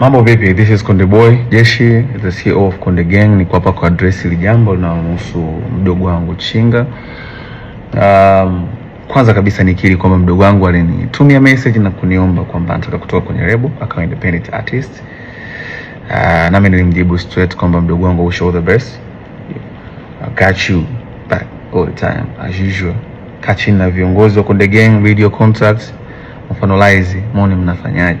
Mambo vipi? This is Konde Boy Jeshi, the CEO of Konde Gang. Ni kwa hapa kwa address ile jambo linalohusu mdogo wangu Chinga. Um, kwanza kabisa nikiri kwamba mdogo wangu alinitumia message na kuniomba kwamba anataka kutoka kwenye lebo akawa independent artist. Uh, nami nilimjibu straight kwamba mdogo wangu wish all the best. I got you back all the time as usual. Kachini na viongozi wa Konde Gang, video contracts, mfano laizi, muone mnafanyaje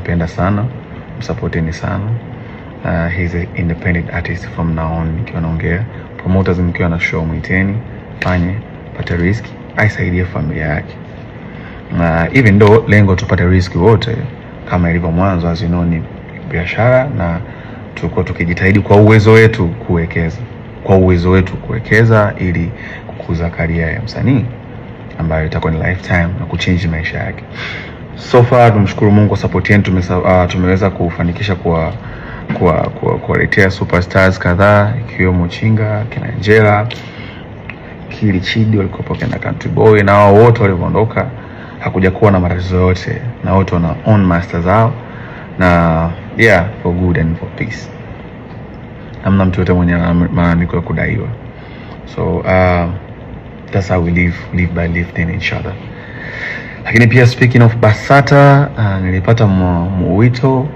nampenda sana, msapoteni sana. Uh, he's an independent artist from now on. Nikiwa naongea promoters, mkiwa na show mwiteni, fanye pata risk, aisaidie familia yake. Na Uh, even though lengo tupate risk wote kama ilivyo mwanzo, as you know, ni biashara na tuko tukijitahidi kwa uwezo wetu kuwekeza kwa uwezo wetu kuwekeza ili kukuza karia ya msanii ambayo itakuwa ni lifetime na kuchange maisha yake. So far tumshukuru Mungu kwa support yetu uh, tumeweza kufanikisha kwa kuwaletea kwa, kwa superstars kadhaa ikiwemo Chinga, Kinanjera, kilichidi Chidi walikuwa kina Country Boy na wao wote walivyoondoka hakuja kuwa na matatizo yote na wote wana own master zao na yeah for good and for peace. Hamna mtu yote mwenye maandiko ya kudaiwa. So uh, that's how we live, live by lifting each other. Lakini pia speaking of Basata uh, nilipata mwito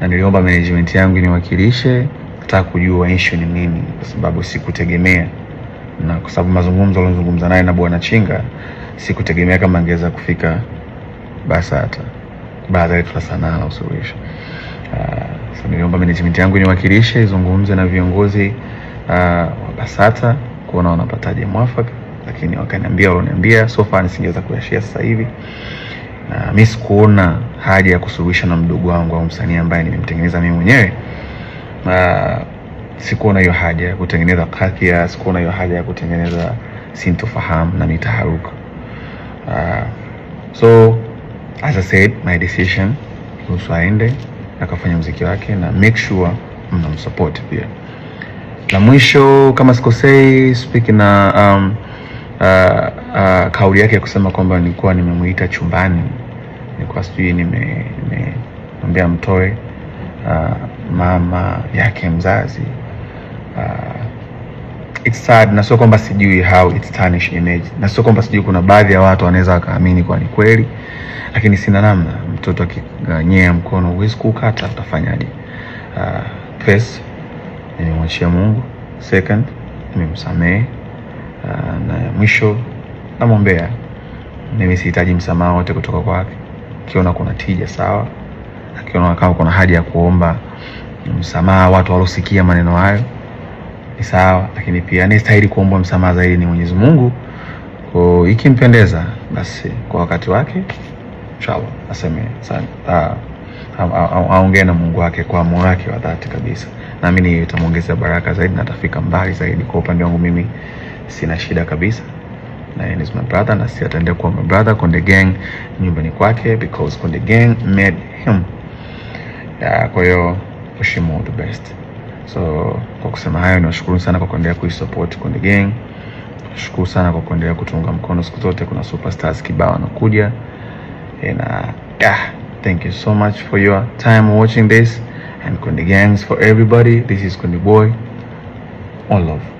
na niliomba management yangu niwakilishe, nataka kujua issue ni nini, kwa sababu sikutegemea, na kwa sababu mazungumzo alizungumza naye na bwana Chinga, sikutegemea kama angeweza kufika Basata. baada ya tutasana na usuluhisho. Uh, ah, so niliomba management yangu niwakilishe, izungumze na viongozi uh, wa Basata kuona wanapataje mwafaka lakini wakaniambia waloniambia, sofa nisingeweza kuyashia sasa hivi, na mimi sikuona haja ya kusuluhisha na mdogo wangu au msanii ambaye nimemtengeneza mimi mwenyewe. na sikuona hiyo haja ya kutengeneza kakia, sikuona hiyo haja ya kutengeneza sintofahamu na mitaharuka. Uh, so as I said my decision kuhusu aende akafanya mziki wake na make sure mnamsupport pia. na mwisho kama sikosei, speak na um, uh, uh, kauli yake ya kusema kwamba nilikuwa nimemuita chumbani, nilikuwa sijui nimemwambia nime mtoe uh, mama yake mzazi uh, it's sad, na sio kwamba sijui how it's tarnish image, na sio kwamba sijui, kuna baadhi ya watu wanaweza wakaamini kwa ni kweli, lakini sina namna. Mtoto akinyea mkono huwezi kukata, utafanyaje? Uh, first nimemwachia Mungu, second nimemsamehe Ah, na ya mwisho namwombea. Mimi sihitaji msamaha wote kutoka kwake. Akiona kuna tija sawa, akiona kama kuna haja ya kuomba msamaha watu walosikia maneno hayo ni sawa, lakini pia anastahili kuomba msamaha zaidi ni Mwenyezi Mungu. Kwa ikimpendeza, basi kwa wakati wake chawa aseme ah, aongee na Mungu wake kwa moyo wake wa dhati kabisa, naamini itamwongezea baraka zaidi na atafika mbali zaidi. Kwa upande wangu mimi sina shida kabisa na yeye ni my brother na si ataendea kuwa my brother. Konde Gang nyumbani kwake because Konde Gang made him. yeah, Kwa hiyo heshimu the best. So kwa kusema hayo, niwashukuru sana kwa kuendelea kuisupport Konde Gang. Nashukuru sana kwa kuendelea kutunga mkono siku zote. Kuna superstars kibao wanakuja na uh, yeah, thank you so much for your time watching this and Konde Gangs for everybody. This is Konde Boy, all love.